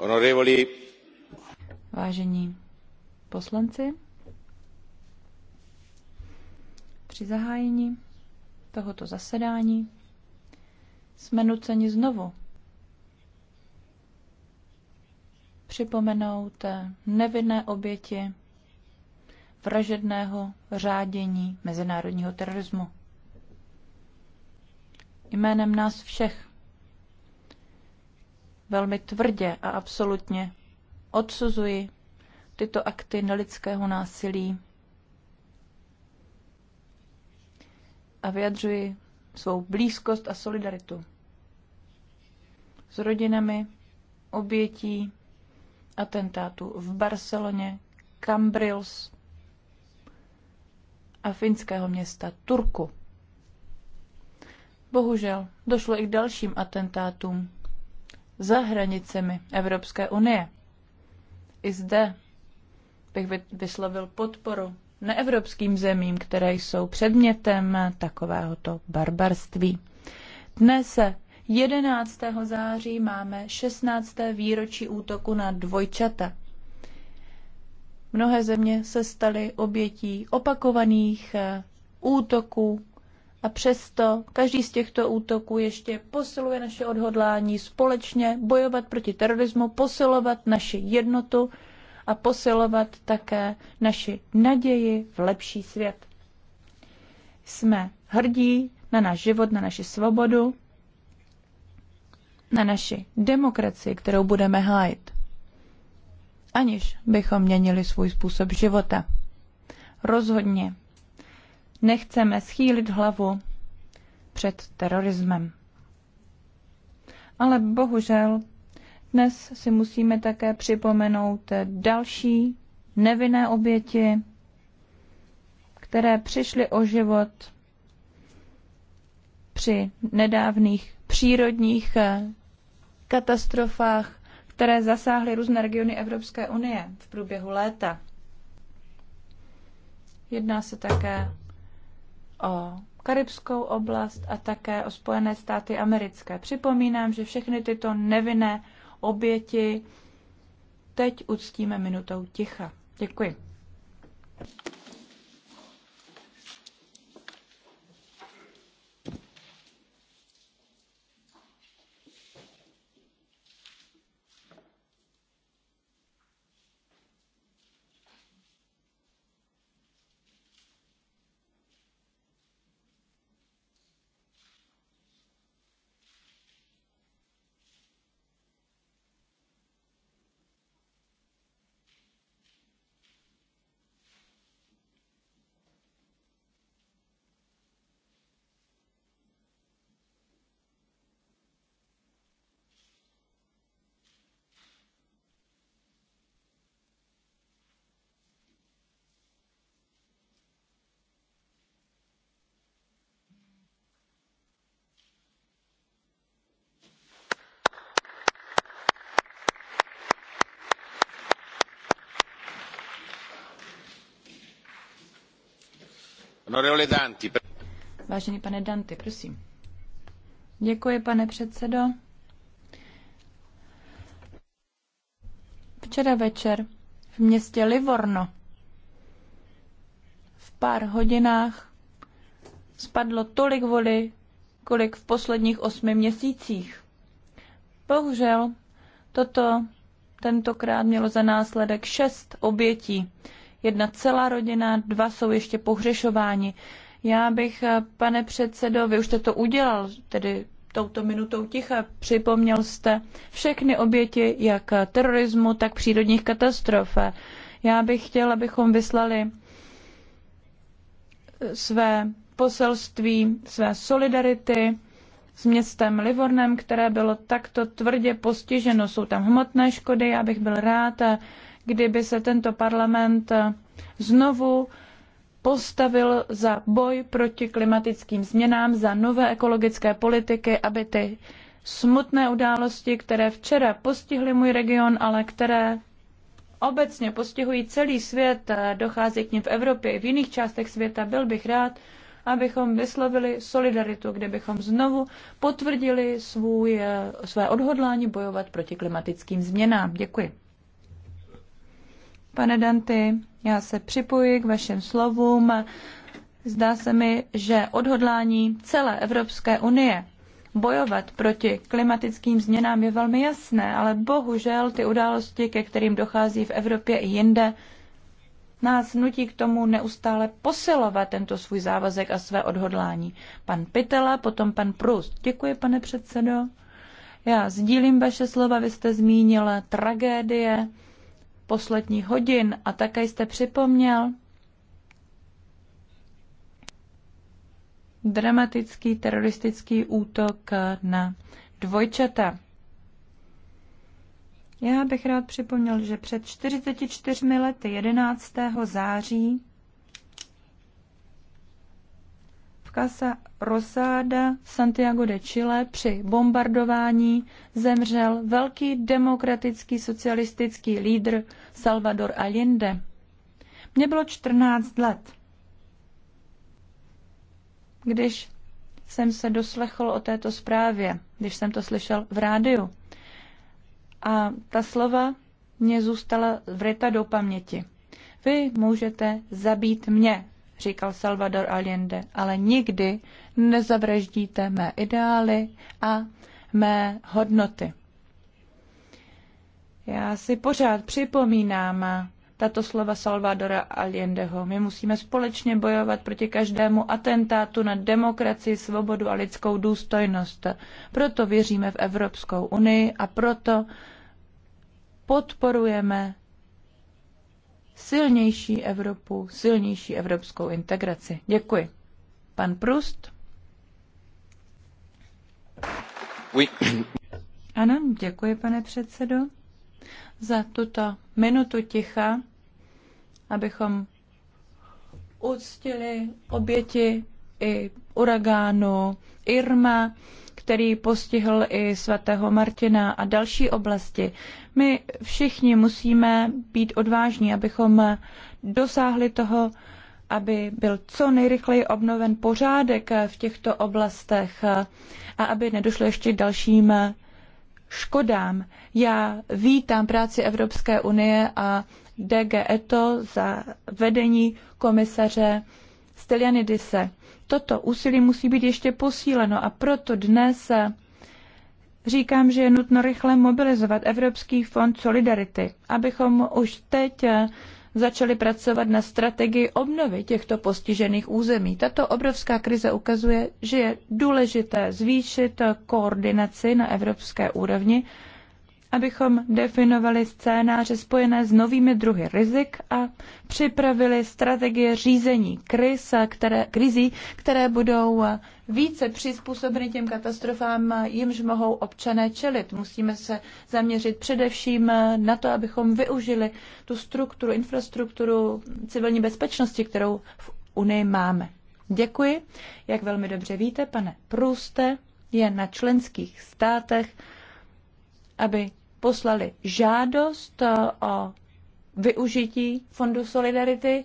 Honorevoli. Vážení poslanci, při zahájení tohoto zasedání jsme nuceni znovu připomenout nevinné oběti vražedného řádění mezinárodního terorismu. Jménem nás všech velmi tvrdě a absolutně odsuzuji tyto akty nelidského násilí a vyjadřuji svou blízkost a solidaritu s rodinami obětí atentátu v Barceloně, Cambrils a finského města Turku. Bohužel došlo i k dalším atentátům za hranicemi Evropské unie. I zde bych vyslovil podporu neevropským zemím, které jsou předmětem takovéhoto barbarství. Dnes 11. září máme 16. výročí útoku na dvojčata. Mnohé země se staly obětí opakovaných útoků a přesto každý z těchto útoků ještě posiluje naše odhodlání společně bojovat proti terorismu, posilovat naši jednotu a posilovat také naši naději v lepší svět. Jsme hrdí na náš život, na naši svobodu, na naši demokracii, kterou budeme hájit, aniž bychom měnili svůj způsob života. Rozhodně Nechceme schýlit hlavu před terorismem. Ale bohužel dnes si musíme také připomenout další nevinné oběti, které přišly o život při nedávných přírodních eh, katastrofách, které zasáhly různé regiony Evropské unie v průběhu léta. Jedná se také o Karibskou oblast a také o Spojené státy americké. Připomínám, že všechny tyto nevinné oběti teď uctíme minutou ticha. Děkuji. Vážený pane Danti, prosím. Děkuji, pane předsedo. Včera večer v městě Livorno v pár hodinách spadlo tolik vody, kolik v posledních osmi měsících. Bohužel toto tentokrát mělo za následek šest obětí jedna celá rodina, dva jsou ještě pohřešováni. Já bych, eh, pane předsedo, vy už jste to udělal, tedy touto minutou ticha připomněl jste všechny oběti jak eh, terorismu, tak přírodních katastrof. Já bych chtěl, abychom vyslali eh, své poselství, své solidarity s městem Livornem, které bylo takto tvrdě postiženo. Jsou tam hmotné škody, já bych byl rád, kdyby se tento parlament znovu postavil za boj proti klimatickým změnám, za nové ekologické politiky, aby ty smutné události, které včera postihly můj region, ale které obecně postihují celý svět, dochází k nim v Evropě i v jiných částech světa, byl bych rád, abychom vyslovili solidaritu, kde bychom znovu potvrdili svůj, své odhodlání bojovat proti klimatickým změnám. Děkuji. Pane Danty, já se připojuji k vašim slovům. Zdá se mi, že odhodlání celé Evropské unie bojovat proti klimatickým změnám je velmi jasné, ale bohužel ty události, ke kterým dochází v Evropě i jinde, nás nutí k tomu neustále posilovat tento svůj závazek a své odhodlání. Pan Pitela, potom pan Prust. Děkuji, pane předsedo. Já sdílím vaše slova, vy jste zmínila tragédie, posledních hodin a také jste připomněl dramatický teroristický útok na dvojčata. Já bych rád připomněl, že před 44 lety 11. září v Casa Rosada Santiago de Chile při bombardování zemřel velký demokratický socialistický lídr Salvador Allende. Mně bylo 14 let, když jsem se doslechl o této zprávě, když jsem to slyšel v rádiu. A ta slova mě zůstala vryta do paměti. Vy můžete zabít mě, říkal Salvador Allende, ale nikdy nezavraždíte mé ideály a mé hodnoty. Já si pořád připomínám tato slova Salvadora Allendeho. My musíme společně bojovat proti každému atentátu na demokracii, svobodu a lidskou důstojnost. Proto věříme v Evropskou unii a proto podporujeme silnější Evropu, silnější evropskou integraci. Děkuji. Pan Prust? Oui. Ano, děkuji, pane předsedo, za tuto minutu ticha, abychom uctili oběti i uragánu Irma který postihl i svatého Martina a další oblasti. My všichni musíme být odvážní, abychom dosáhli toho, aby byl co nejrychleji obnoven pořádek v těchto oblastech a aby nedošlo ještě k dalším škodám. Já vítám práci Evropské unie a DG ETO za vedení komisaře Stylianidise. Toto úsilí musí být ještě posíleno a proto dnes říkám, že je nutno rychle mobilizovat Evropský fond Solidarity, abychom už teď začali pracovat na strategii obnovy těchto postižených území. Tato obrovská krize ukazuje, že je důležité zvýšit koordinaci na evropské úrovni abychom definovali scénáře spojené s novými druhy rizik a připravili strategie řízení kriz, které, krizí, které budou více přizpůsobeny těm katastrofám, jimž mohou občané čelit. Musíme se zaměřit především na to, abychom využili tu strukturu, infrastrukturu civilní bezpečnosti, kterou v Unii máme. Děkuji. Jak velmi dobře víte, pane Průste je na členských státech, aby poslali žádost eh, o využití Fondu Solidarity.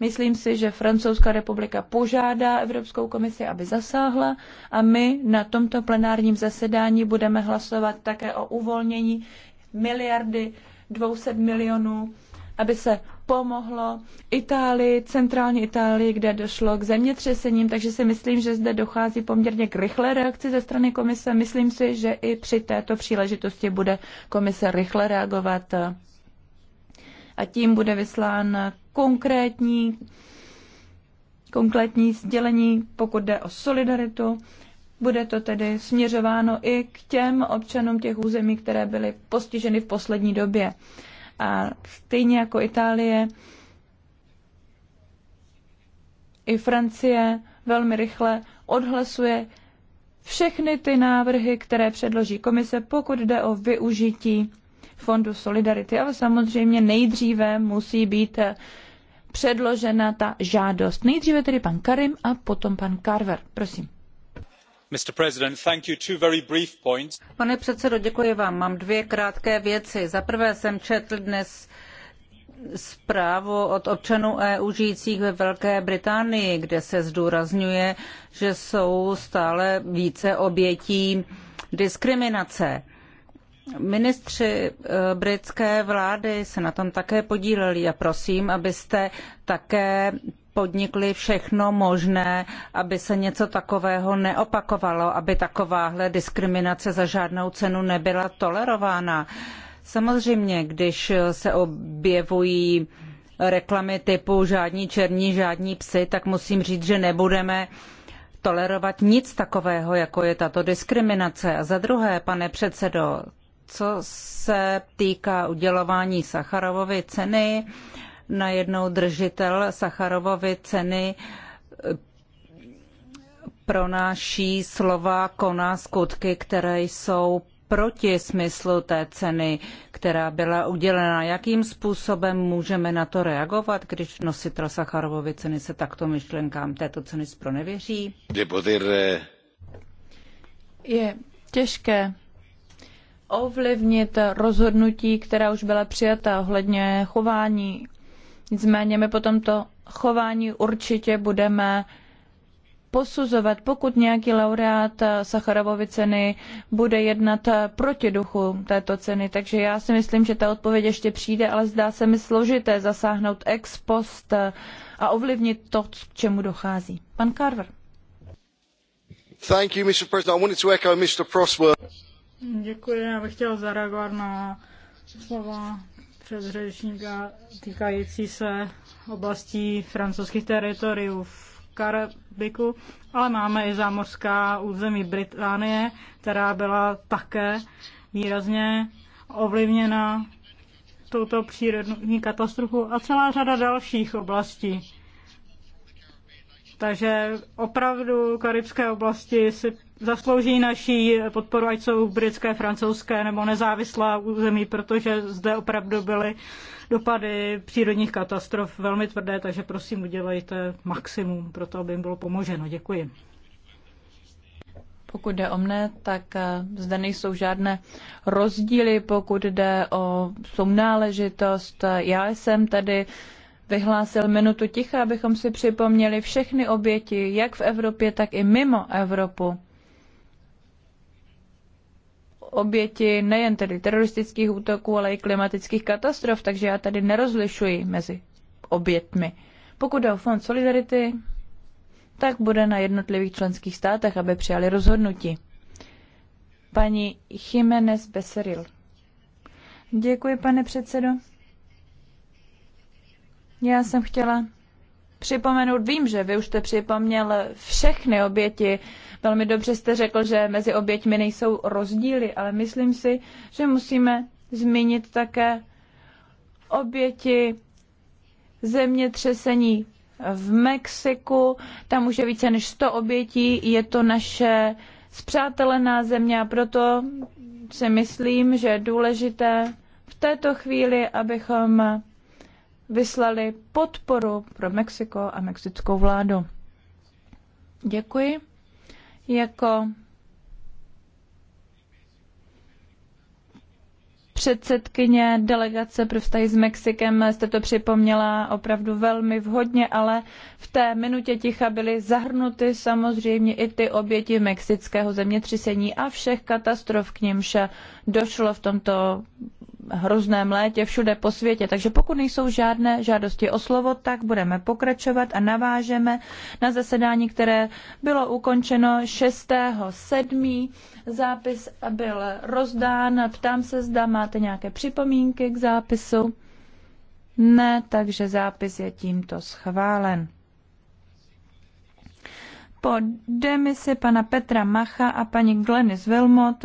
Myslím si, že Francouzská republika požádá Evropskou komisi, aby zasáhla a my na tomto plenárním zasedání budeme hlasovat také o uvolnění miliardy 200 milionů aby se pomohlo Itálii, centrální Itálii, kde došlo k zemětřesením, takže si myslím, že zde dochází poměrně k rychlé reakci ze strany komise. Myslím si, že i při této příležitosti bude komise rychle reagovat a tím bude vyslán konkrétní, konkrétní sdělení, pokud jde o solidaritu. Bude to tedy směřováno i k těm občanům těch území, které byly postiženy v poslední době a stejně jako Itálie, i Francie velmi rychle odhlasuje všechny ty návrhy, které předloží komise, pokud jde o využití Fondu Solidarity. Ale samozřejmě nejdříve musí být předložena ta žádost. Nejdříve tedy pan Karim a potom pan Carver. Prosím pane předsedo děkuji vám. mám dvě krátké věci. za prvé jsem četl dnes zprávu od občanů eu žijících ve velké británii kde se zdůrazňuje že jsou stále více obětí diskriminace. Ministři e, britské vlády se na tom také podíleli a prosím, abyste také podnikli všechno možné, aby se něco takového neopakovalo, aby takováhle diskriminace za žádnou cenu nebyla tolerována. Samozřejmě, když se objevují reklamy typu žádní černí, žádní psy, tak musím říct, že nebudeme tolerovat nic takového, jako je tato diskriminace. A za druhé, pane předsedo, co se týká udělování Sacharovovy ceny, najednou držitel Sacharovovy ceny eh, pronáší slova, koná skutky, které jsou proti smyslu té ceny, která byla udělena. Jakým způsobem můžeme na to reagovat, když nositel Sacharovovy ceny se takto myšlenkám této ceny zpronevěří? Eh, Je těžké ovlivnit rozhodnutí, která už byla přijata ohledně chování Nicméně my potom to chování určitě budeme posuzovat, pokud nějaký laureát Sacharovovy ceny bude jednat proti duchu této ceny. Takže já si myslím, že ta odpověď ještě přijde, ale zdá se mi složité zasáhnout ex post a ovlivnit to, k čemu dochází. Pan Carver. Thank you, Mr. President. I wanted to echo Mr. Prosworth. Děkuji, já bych chtěl zareagovat na slova předřečníka týkající se oblastí francouzských teritoriů v Karibiku, ale máme i zámořská území Británie, která byla také výrazně ovlivněna touto přírodní katastrofou a celá řada dalších oblastí. Takže opravdu karibské oblasti si zaslouží naší podporu, ať jsou britské, francouzské nebo nezávislá území, protože zde opravdu byly dopady přírodních katastrof velmi tvrdé, takže prosím udělejte maximum pro to, aby jim bylo pomoženo. Děkuji. Pokud jde o mne, tak eh, zde nejsou žádné rozdíly, pokud jde o sounáležitost. Já jsem tady vyhlásil minutu ticha, abychom si připomněli všechny oběti, jak v Evropě, tak i mimo Evropu. Oběti nejen tedy teroristických útoků, ale i klimatických katastrof, takže já tady nerozlišuji mezi obětmi. Pokud jde o Fond Solidarity, tak bude na jednotlivých členských státech, aby přijali rozhodnutí. Paní Jiménez Beseril. Děkuji, pane předsedo. Já jsem chtěla připomenout, vím, že vy už jste připomněl všechny oběti. Velmi dobře jste řekl, že mezi oběťmi nejsou rozdíly, ale myslím si, že musíme zmínit také oběti zemětřesení v Mexiku. Tam už je více než 100 obětí. Je to naše zpřátelená země a proto si myslím, že je důležité v této chvíli, abychom vyslali podporu pro Mexiko a mexickou vládu. Děkuji. Jako předsedkyně delegace pro vztahy s Mexikem jste to připomněla opravdu velmi vhodně, ale v té minutě ticha byly zahrnuty samozřejmě i ty oběti mexického zemětřesení a všech katastrof, k nimž došlo v tomto hrozném létě všude po světě. Takže pokud nejsou žádné žádosti o slovo, tak budeme pokračovat a navážeme na zasedání, které bylo ukončeno 6.7. Zápis byl rozdán. Ptám se, zda máte nějaké připomínky k zápisu. Ne, takže zápis je tímto schválen po demisi pana Petra Macha a paní Glenis Wilmot